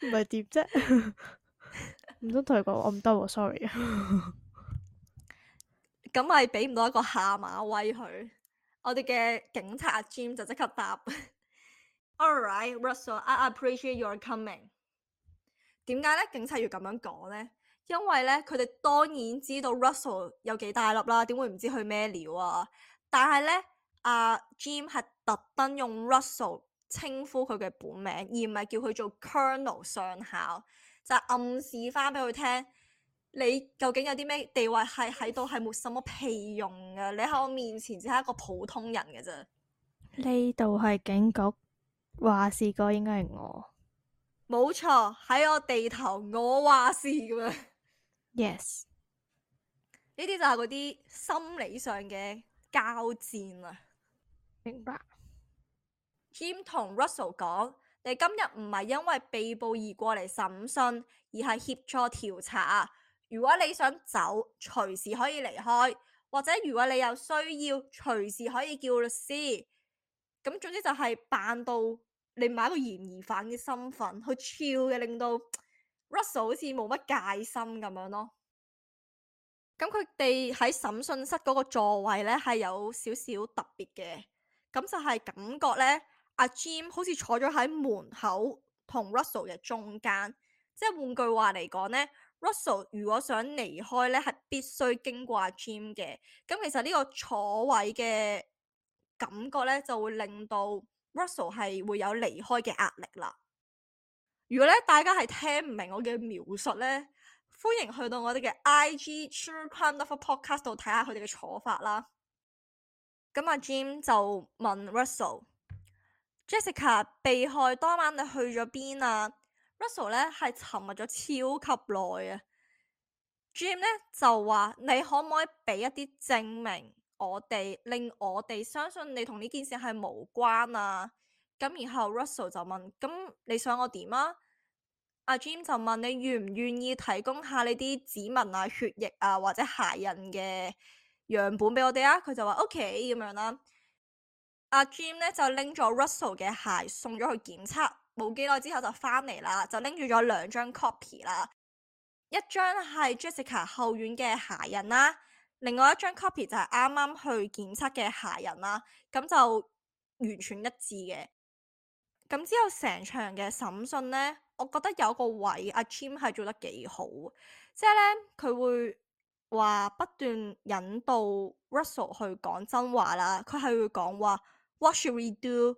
唔係點啫？唔通同佢講我唔得喎，sorry。咁咪俾唔到一個下馬威佢。我哋嘅警察阿 Jim 就即刻答 ：All right, Russell, I appreciate your coming。點解咧？警察要咁樣講咧？因為咧，佢哋當然知道 Russell 有幾大粒啦，點會唔知佢咩料啊？但係咧，阿、啊、Jim 係。特登用 Russell 稱呼佢嘅本名，而唔係叫佢做 Colonel 上校，就是，暗示翻俾佢聽，你究竟有啲咩地位係喺度係冇什麼屁用噶？你喺我面前只係一個普通人㗎啫。呢度係警局，話事嗰個應該係我。冇錯，喺我地頭，我話事咁樣。 Yes，呢啲就係嗰啲心理上嘅交戰啊。明白。Jim 同 Russell 講：你今日唔係因為被捕而過嚟審訊，而係協助調查。如果你想走，隨時可以離開；或者如果你有需要，隨時可以叫律師。咁總之就係扮到你唔係一個嫌疑犯嘅身份，好 chill 嘅，令到 Russell 好似冇乜戒心咁樣咯。咁佢哋喺審訊室嗰個座位呢，係有少少特別嘅，咁就係感覺呢。阿 Jim 好似坐咗喺門口同 Russell 嘅中間，即係換句話嚟講呢 Russell 如果想離開呢係必須經過阿 Jim 嘅。咁其實呢個坐位嘅感覺呢，就會令到 Russell 係會有離開嘅壓力啦。如果呢大家係聽唔明我嘅描述呢，歡迎去到我哋嘅 IG True Crime Lover Podcast 度睇下佢哋嘅坐法啦。咁阿 Jim 就問 Russell。Jessica 被害當晚你去咗邊啊？Russell 咧係沉默咗超級耐啊。Jim 咧就話，你可唔可以俾一啲證明我哋，我哋令我哋相信你同呢件事係無關啊？咁然後 Russell 就問：咁你想我點啊？阿 Jim 就問，你願唔願意提供下你啲指紋啊、血液啊或者鞋印嘅樣本俾我哋啊？佢就話：OK 咁樣啦。阿 Jim 咧就拎咗 Russell 嘅鞋送咗去檢測，冇幾耐之後就翻嚟啦，就拎住咗兩張 copy 啦，一張係 Jessica 後院嘅鞋印啦，另外一張 copy 就係啱啱去檢測嘅鞋印啦，咁就完全一致嘅。咁之後成場嘅審訊咧，我覺得有個位阿 Jim 係做得幾好，即係咧佢會話不斷引導 Russell 去講真話啦，佢係會講話。What should we do？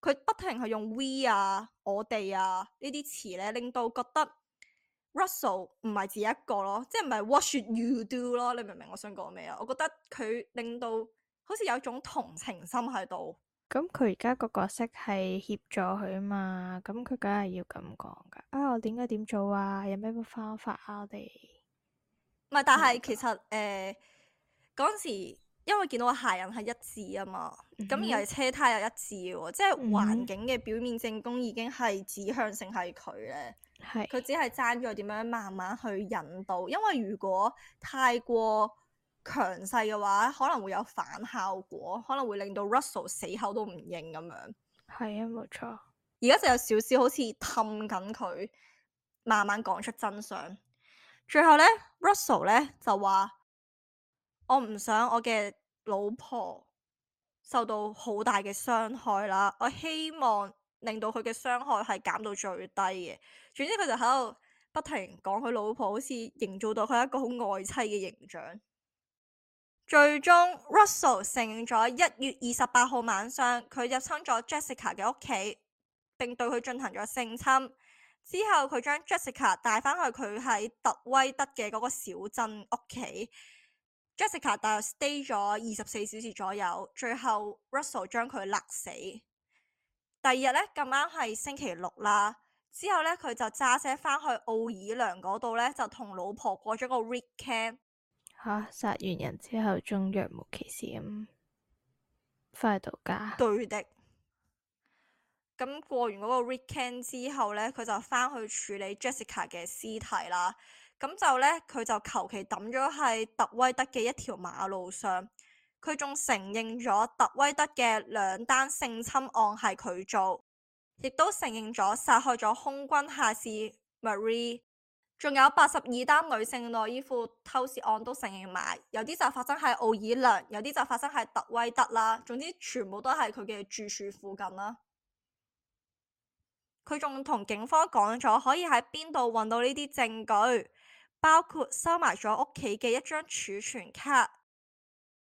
佢不停係用 we 啊，我哋啊詞呢啲詞咧，令到覺得 Russell 唔係自己一個咯，即係唔係。What should you do？咯，你明唔明我想講咩啊？我覺得佢令到好似有一種同情心喺度。咁佢而家個角色係協助佢啊嘛？咁佢梗係要咁講噶啊！我點解點做啊？有咩方法啊？我哋唔係，但係其實誒嗰、呃、時。因為見到個鞋印係一致啊嘛，咁、mm hmm. 而係車胎又一致喎，即係環境嘅表面證供已經係指向性係佢咧。係佢、mm hmm. 只係爭住點樣慢慢去引導，因為如果太過強勢嘅話，可能會有反效果，可能會令到 Russell 死口都唔認咁樣。係啊，冇錯。而家就有少少好似氹緊佢，慢慢講出真相。最後咧，Russell 咧就話。我唔想我嘅老婆受到好大嘅傷害啦，我希望令到佢嘅傷害係減到最低嘅。總之佢就喺度不停講佢老婆，好似營造到佢一個好愛妻嘅形象。最終，Russell 承認咗一月二十八號晚上，佢入侵咗 Jessica 嘅屋企，並對佢進行咗性侵。之後佢將 Jessica 帶返去佢喺特威德嘅嗰個小鎮屋企。Jessica 大約 stay 咗二十四小時左右，最後 Russell 將佢勒死。第二日咧，咁啱係星期六啦，之後咧，佢就揸車翻去奧爾良嗰度咧，就同老婆過咗個 weekend。吓、啊，殺完人之後仲若無其事咁翻去度假。對的，咁過完嗰個 weekend 之後咧，佢就翻去處理 Jessica 嘅屍體啦。咁就呢，佢就求其抌咗喺特威德嘅一條馬路上，佢仲承認咗特威德嘅兩單性侵案係佢做，亦都承認咗殺害咗空軍下士 Marie，仲有八十二單女性內衣褲偷竊案都承認埋，有啲就發生喺奧爾良，有啲就發生喺特威德啦。總之全部都係佢嘅住處附近啦。佢仲同警方講咗可以喺邊度揾到呢啲證據。包括收埋咗屋企嘅一張儲存卡，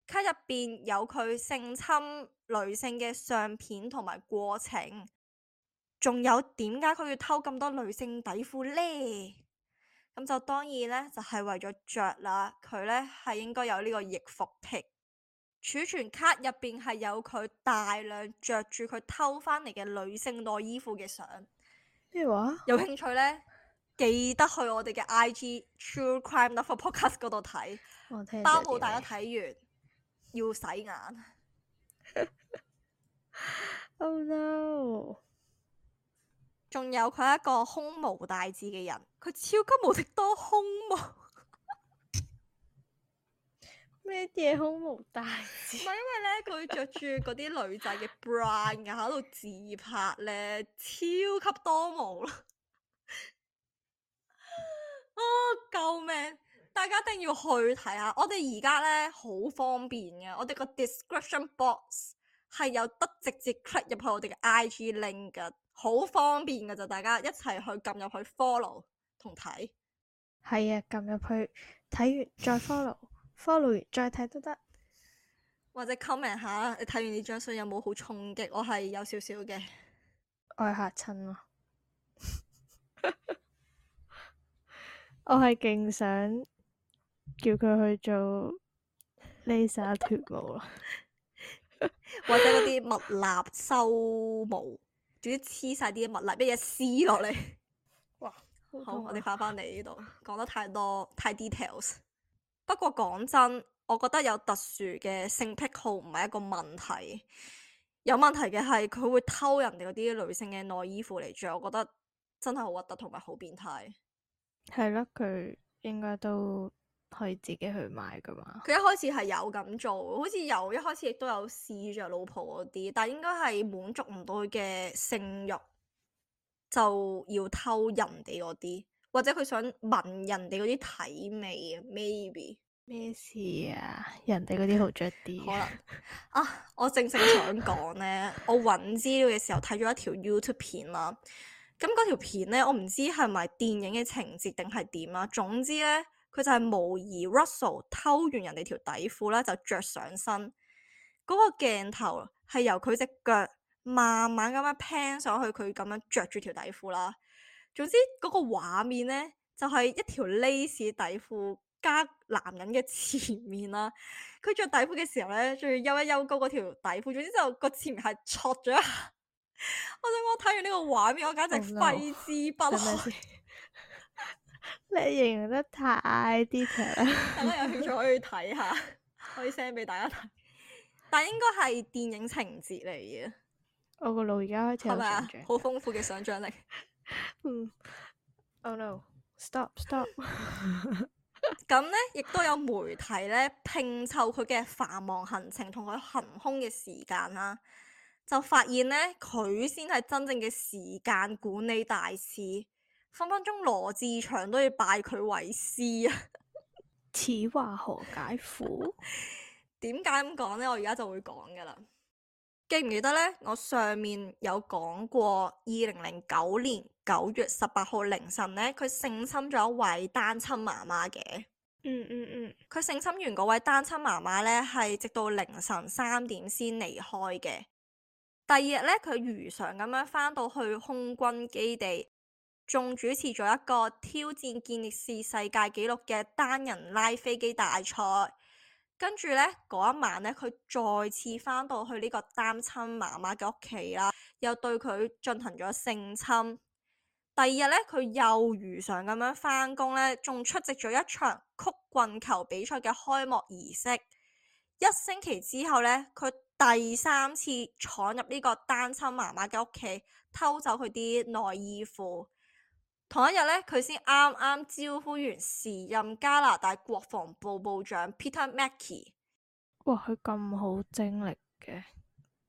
卡入邊有佢性侵女性嘅相片同埋過程。仲有點解佢要偷咁多女性底褲呢？咁就當然呢，就係為咗着啦。佢呢，係應該有呢個易服癖，儲存卡入邊係有佢大量着住佢偷翻嚟嘅女性內衣褲嘅相。咩話？有興趣呢？記得去我哋嘅 IG True Crime Lover Podcast 嗰度睇，包保大家睇完要洗眼。 Oh no！仲有佢係一個胸無大志嘅人，佢超級無敵多胸毛， 胸毛。咩嘢胸無大志？唔係因為呢，佢著住嗰啲女仔嘅 bra，喺度 自拍呢，超級多毛咯 ～啊、哦！救命！大家一定要去睇下。我哋而家呢，好方便嘅，我哋個 description box 係有得直接 click 入去我哋嘅 IG link 噶好方便噶就大家一齊去撳入去 follow 同睇。係啊，撳入去睇完再 follow，follow follow 完再睇都得。或者 comment 下，你睇完呢張相有冇好衝擊？我係有少少嘅，愛吓親咯。 我係勁想叫佢去做 laser 脱毛 或者嗰啲物蠟修毛，總之黐晒啲物蠟，俾嘢撕落嚟。哇！好,、啊好，我哋翻返嚟呢度，講得太多，太 details。不過講真，我覺得有特殊嘅性癖好唔係一個問題，有問題嘅係佢會偷人哋嗰啲女性嘅內衣褲嚟着，我覺得真係好核突同埋好變態。係咯，佢應該都可以自己去買噶嘛。佢一開始係有咁做，好似由一開始亦都有試着老婆嗰啲，但係應該係滿足唔到佢嘅性欲，就要偷人哋嗰啲，或者佢想聞人哋嗰啲體味啊？Maybe 咩事啊？人哋嗰啲好着啲，啊。 可能啊，我正正想講咧， 我搵資料嘅時候睇咗一條 YouTube 片啦。咁嗰條片咧，我唔知係咪電影嘅情節定係點啦。總之咧，佢就係模擬 Russell 偷完人哋條底褲咧，就着上身。嗰、那個鏡頭係由佢隻腳慢慢咁樣 pan 上去，佢咁樣着住條底褲啦。總之嗰個畫面咧，就係、是、一條 lace 底褲加男人嘅前面啦、啊。佢着底褲嘅時候咧，仲要悠一悠高嗰條底褲。總之就個前面係 chok 咗一下。我想我睇完呢個畫面，我簡直揮之不、oh、no. 你形容得太 detail 啦！ 等我有興趣可以睇下，可以 send 俾大家睇。但應該係電影情節嚟嘅。我個腦而家開始，係咪？好豐富嘅想象力。嗯。 oh no! Stop! Stop！咁 咧，亦都有媒體咧，拼湊佢嘅繁忙行程同佢行空嘅時間啦。就發現呢，佢先係真正嘅時間管理大師。分分鐘羅志祥都要拜佢為師啊！ 此話何解乎？點解咁講呢？我而家就會講噶啦，記唔記得呢？我上面有講過，二零零九年九月十八號凌晨呢，佢性侵咗一位單親媽媽嘅。嗯嗯嗯，佢性侵完嗰位單親媽媽呢，係直到凌晨三點先離開嘅。第二日咧，佢如常咁樣返到去空軍基地，仲主持咗一個挑戰健力士世界紀錄嘅單人拉飛機大賽。跟住咧，嗰一晚咧，佢再次翻到去呢個單親媽媽嘅屋企啦，又對佢進行咗性侵。第二日咧，佢又如常咁樣返工咧，仲出席咗一場曲棍球比賽嘅開幕儀式。一星期之後咧，佢。第三次闖入呢個單親媽媽嘅屋企，偷走佢啲內衣褲，同一日呢，佢先啱啱招呼完時任加拿大國防部部長 Peter MacKay。哇，佢咁好精力嘅，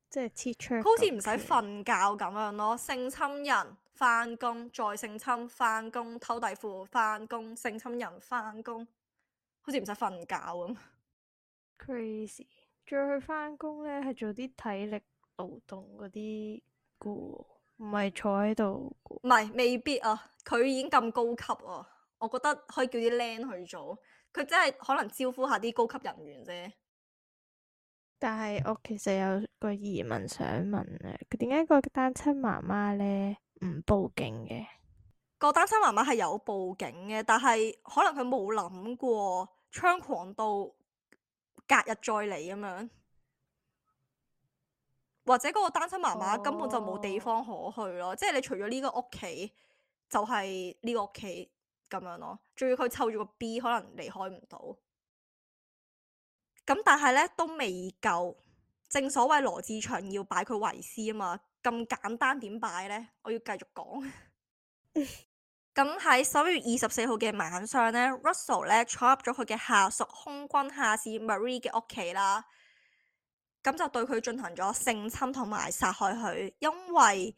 即係切槍，好似唔使瞓覺咁樣咯。性侵人翻工，再性侵翻工，偷底褲翻工，性侵人翻工，好似唔使瞓覺咁。Crazy。再去翻工咧，係做啲體力勞動嗰啲嘅，唔係坐喺度。唔係未必啊，佢已經咁高級啊，我覺得可以叫啲靚去做。佢真係可能招呼下啲高級人員啫。但係我其實有個疑問想問啊，佢點解個單親媽媽咧唔報警嘅？個單親媽媽係有報警嘅，但係可能佢冇諗過猖狂到。隔日再嚟咁樣，或者嗰個單親媽媽根本就冇地方可去咯，oh. 即係你除咗呢個屋企，就係呢個屋企咁樣咯，仲要佢湊住個 B，可能離開唔到。咁但係呢都未夠，正所謂羅志祥要拜佢為師啊嘛，咁簡單點拜呢？我要繼續講。 咁喺十一月二十四號嘅晚上呢 Russell 咧闖入咗佢嘅下屬空軍下士 Marie 嘅屋企啦，咁就對佢進行咗性侵同埋殺害佢。因為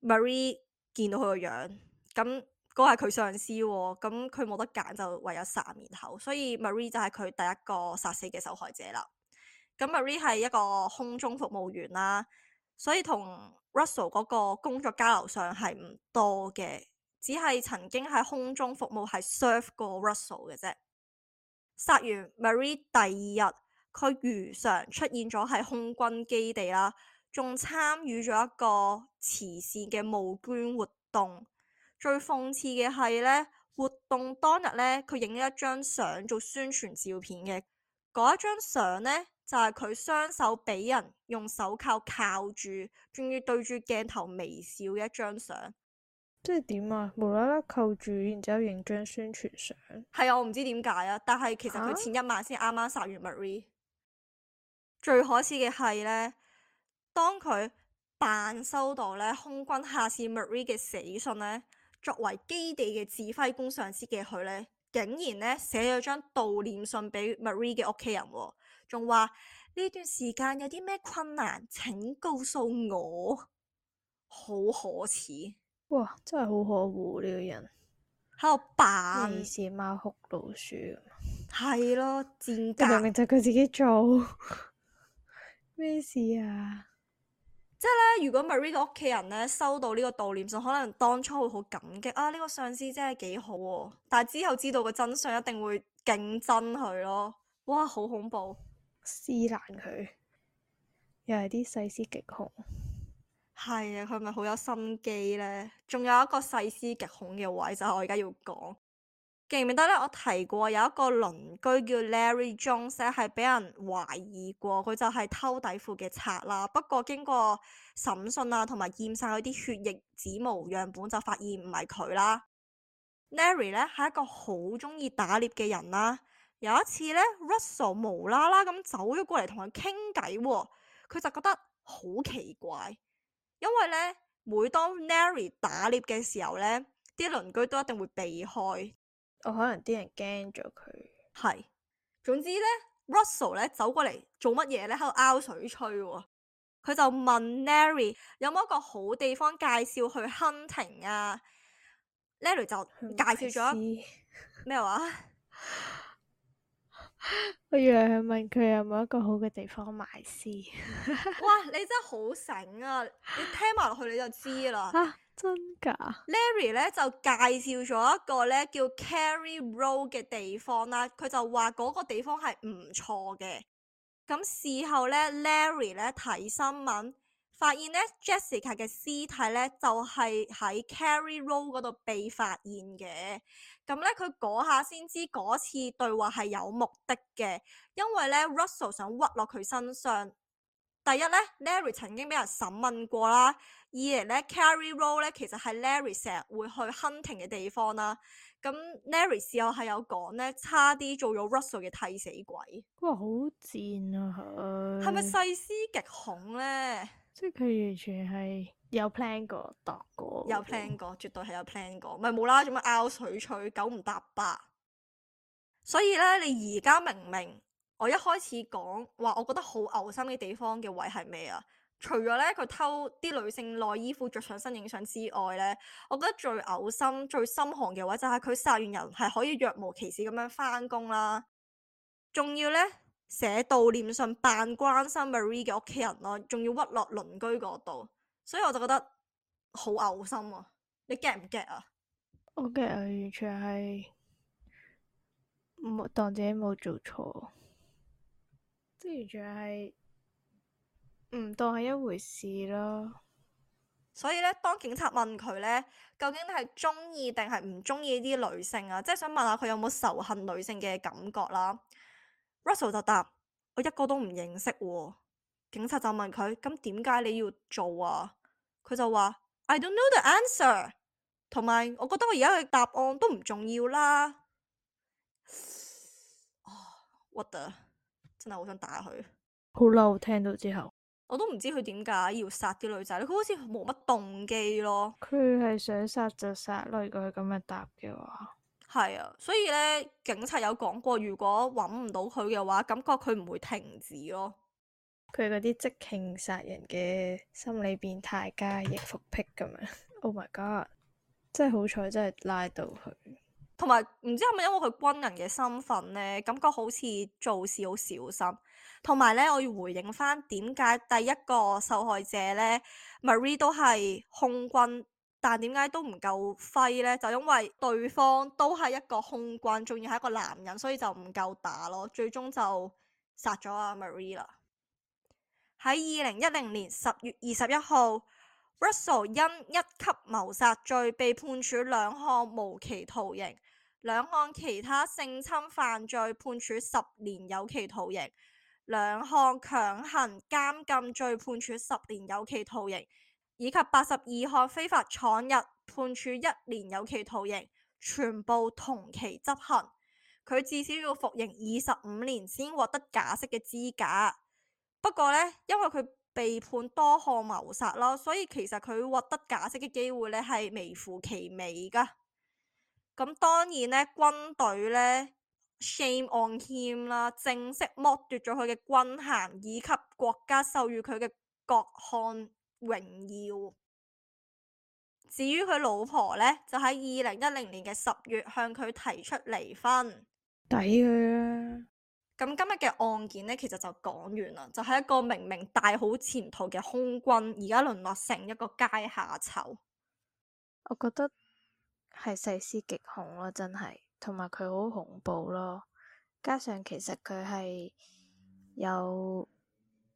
Marie 見到佢個樣，咁嗰係佢上司，啊，咁佢冇得揀，就唯有殺面口。所以 Marie 就係佢第一個殺死嘅受害者啦。咁 Marie 係一個空中服務員啦，所以同 Russell 嗰個工作交流上係唔多嘅。只係曾經喺空中服務係 serve 過 Russell 嘅啫。殺完 Marie 第二日，佢如常出現咗喺空軍基地啦，仲參與咗一個慈善嘅募捐活動。最諷刺嘅係呢，活動當日呢，佢影咗一張相做宣傳照片嘅。嗰一張相呢，就係、是、佢雙手俾人用手銬靠住，仲要對住鏡頭微笑嘅一張相。即係點啊？無啦啦扣住，然之後影張宣傳相。係啊，我唔知點解啊，但係其實佢前一晚先啱啱殺完 Marie，啊，最可恥嘅係呢，當佢扮收到呢空軍下士 Marie 嘅死訊呢，作為基地嘅指揮官上司嘅佢呢，竟然呢寫咗張悼念信俾 Marie 嘅屋企人，仲話呢段時間有啲咩困難，請告訴我，好可恥。哇，真係好可惡呢個人，喺度扮咩意思？貓哭老鼠，係咯，賤格，明明就係佢自己做咩事啊？即係咧，如果 Marie 個屋企人咧收到呢個悼念信，可能當初會好感激啊！呢個上司真係幾好哦，但係之後知道個真相，一定會勁憎佢咯。哇，好恐怖，撕爛佢，又係啲細思極恐。係啊，佢咪好有心機呢。仲有一個細思極恐嘅位就係我而家要講，記唔記得咧？我提過有一個鄰居叫 Larry Jones，係俾人懷疑過，佢就係偷底褲嘅賊啦。不過經過審訊啊，同埋驗晒佢啲血液、指模樣本，就發現唔係佢啦。Larry 咧係一個好中意打獵嘅人啦。有一次咧，Russell 無啦啦咁走咗過嚟同佢傾偈，佢就覺得好奇怪。因為咧，每當 Nary 打獵嘅時候咧，啲鄰居都一定會避開。哦，可能啲人驚咗佢。係，總之咧，Russell 咧走過嚟做乜嘢咧？喺度拗水吹喎，佢就問 Nary 有冇一個好地方介紹去亨廷啊？Nary 就介紹咗咩話？ 我以為佢問佢有冇一個好嘅地方埋屍。 哇，你真係好醒啊！你聽埋落去你就知啦、啊。真㗎？Larry 咧就介紹咗一個咧叫 Carry Road 嘅地方啦，佢就話嗰個地方係唔錯嘅。咁事後咧，Larry 咧睇新聞，發現咧 Jessica 嘅屍體咧就係、是、喺 Carry Road 嗰度被發現嘅。咁咧，佢嗰下先知嗰次對話係有目的嘅，因為咧 Russell 想屈落佢身上。第一咧，Larry 曾經俾人審問過啦，二嚟咧，Carrie Row 咧其實係 Larry 成日會去 hunting 嘅地方啦。咁、嗯、Larry 事後係有講咧，差啲做咗 Russell 嘅替死鬼。哇！好賤啊！係、哎、咪細思極恐咧？即係佢完全係。有 plan 過，達過。有 plan 過，絕對係有 plan 過，咪冇啦？做乜拗水吹，九唔搭八。所以咧，你而家明唔明？我一開始講話，我覺得好嘔心嘅地方嘅位係咩啊？除咗咧，佢偷啲女性內衣褲着上身影相之外咧，我覺得最嘔心、最心寒嘅位就係佢殺完人係可以若無其事咁樣翻工啦。仲要咧寫悼念信，扮關心 Marie 嘅屋企人咯，仲要屈落鄰居嗰度。所以我就覺得好嘔心啊！你 get 唔 get 啊？我 get 啊，完全係冇當自己冇做錯，即完全係唔當係一回事咯。所以呢，當警察問佢呢，究竟係中意定係唔中意啲女性啊？即係想問下佢有冇仇恨女性嘅感覺啦。Russell 就答：我一個都唔認識喎。警察就問佢：咁點解你要做啊？佢就話：I don't know the answer。同埋，我覺得我而家嘅答案都唔重要啦。啊，what 啊！真係好想打佢。好嬲！聽到之後，我都唔知佢點解要殺啲女仔，佢好似冇乜動機咯。佢係想殺就殺咯。如果佢咁樣答嘅話，係啊。所以呢，警察有講過，如果揾唔到佢嘅話，感覺佢唔會停止咯。佢嗰啲即興殺人嘅心理變態加易服癖咁樣，Oh my God！真係好彩，真係拉到佢。同埋唔知係咪因為佢軍人嘅身份呢，感覺好似做事好小心。同埋呢，我要回應翻點解第一個受害者呢，Marie 都係空軍，但點解都唔夠揮呢？就因為對方都係一個空軍，仲要係一個男人，所以就唔夠打咯。最終就殺咗阿 Marie 啦。喺二零一零年十月二十一號，Russell 因一級謀殺罪被判處兩項無期徒刑，兩項其他性侵犯罪判處十年有期徒刑，兩項強行監禁罪判處十年有期徒刑，以及八十二項非法闖入判處一年有期徒刑，全部同期執行。佢至少要服刑二十五年先獲得假釋嘅資格。不過呢，因為佢被判多項謀殺咯，所以其實佢獲得假釋嘅機會呢係微乎其微噶。咁當然呢，軍隊呢 shame on him 啦，正式剝奪咗佢嘅軍銜以及國家授予佢嘅國漢榮耀。至於佢老婆呢，就喺二零一零年嘅十月向佢提出離婚，抵佢啦。咁今日嘅案件呢，其實就講完啦，就係、是、一個明明大好前途嘅空軍，而家淪落成一個階下囚。我覺得係細思極恐咯，真係，同埋佢好恐怖咯。加上其實佢係有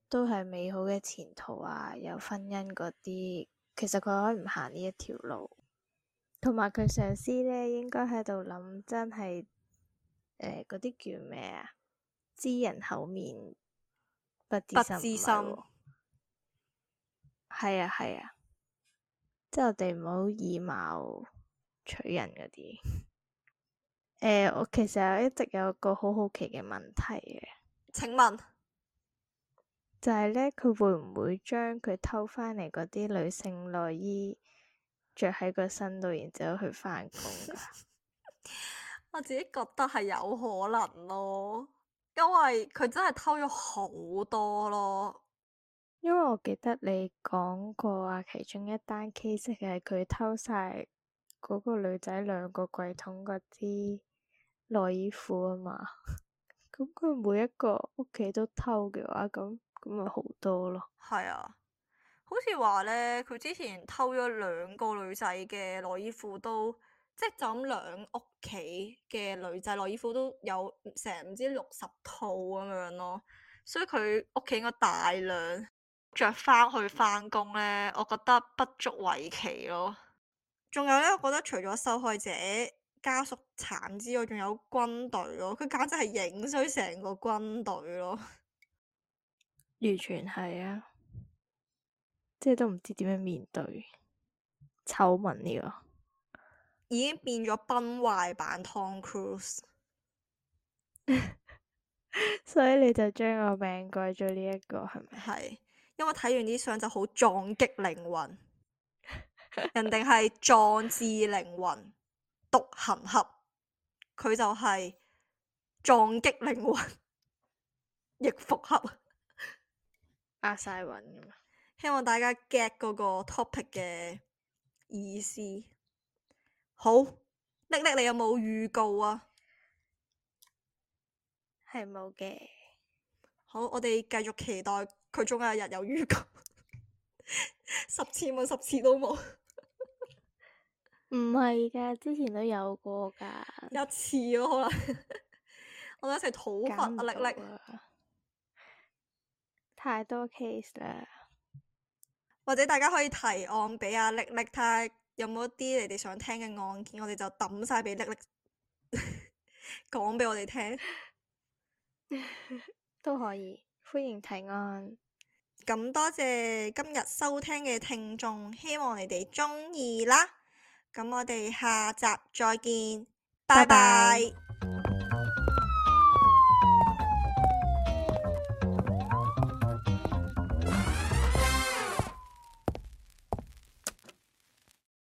都係美好嘅前途啊，有婚姻嗰啲，其實佢可以唔行呢一條路。同埋佢上司呢，應該喺度諗，真係嗰啲叫咩啊？知人口面不知心，係 啊，係啊，即係我哋唔好以貌取人嗰啲。誒、 欸，我其實一直有一個好好奇嘅問題嘅，請問就係咧，佢會唔會將佢偷返嚟嗰啲女性內衣着喺個身度，然之後去翻工㗎？我自己覺得係有可能咯。因為佢真係偷咗好多咯，因為我記得你講過啊，其中一單 case 係佢偷晒嗰個女仔兩個櫃桶嗰啲內衣褲啊嘛，咁 佢每一個屋企都偷嘅話，咁咁咪好多咯。係啊，好似話咧，佢之前偷咗兩個女仔嘅內衣褲都。即係就咁兩屋企嘅女仔，內衣褲都有成唔知六十套咁樣咯，所以佢屋企應該大量着翻去翻工咧，我覺得不足為奇咯。仲有咧，我覺得除咗受害者家屬慘之外，仲有軍隊咯，佢簡直係影衰成個軍隊咯，完全係啊！即係都唔知點樣面對醜聞呢個。已經變咗崩壞版 Tom Cruise， 所以你就將我名改咗呢一個係咪？係，因為睇完啲相就好撞擊靈魂， 人哋係壯志凌雲獨行俠，佢就係撞擊靈魂易服俠，押晒韻，希望大家 get 嗰個 topic 嘅意思。好，力力你有冇預告啊？係冇嘅。好，我哋繼續期待佢仲有一日有預告，十次冇，十次都冇。唔係噶，之前都有過噶，一次咯可能。我哋一齊討伐阿力力。太多 case 啦。或者大家可以提案俾阿力力睇。有冇一啲你哋想聽嘅案件，我哋就抌晒俾力力講俾我哋聽，都可以，歡迎提案。咁多謝今日收聽嘅聽眾，希望你哋中意啦。咁我哋下集再見，拜拜。拜拜。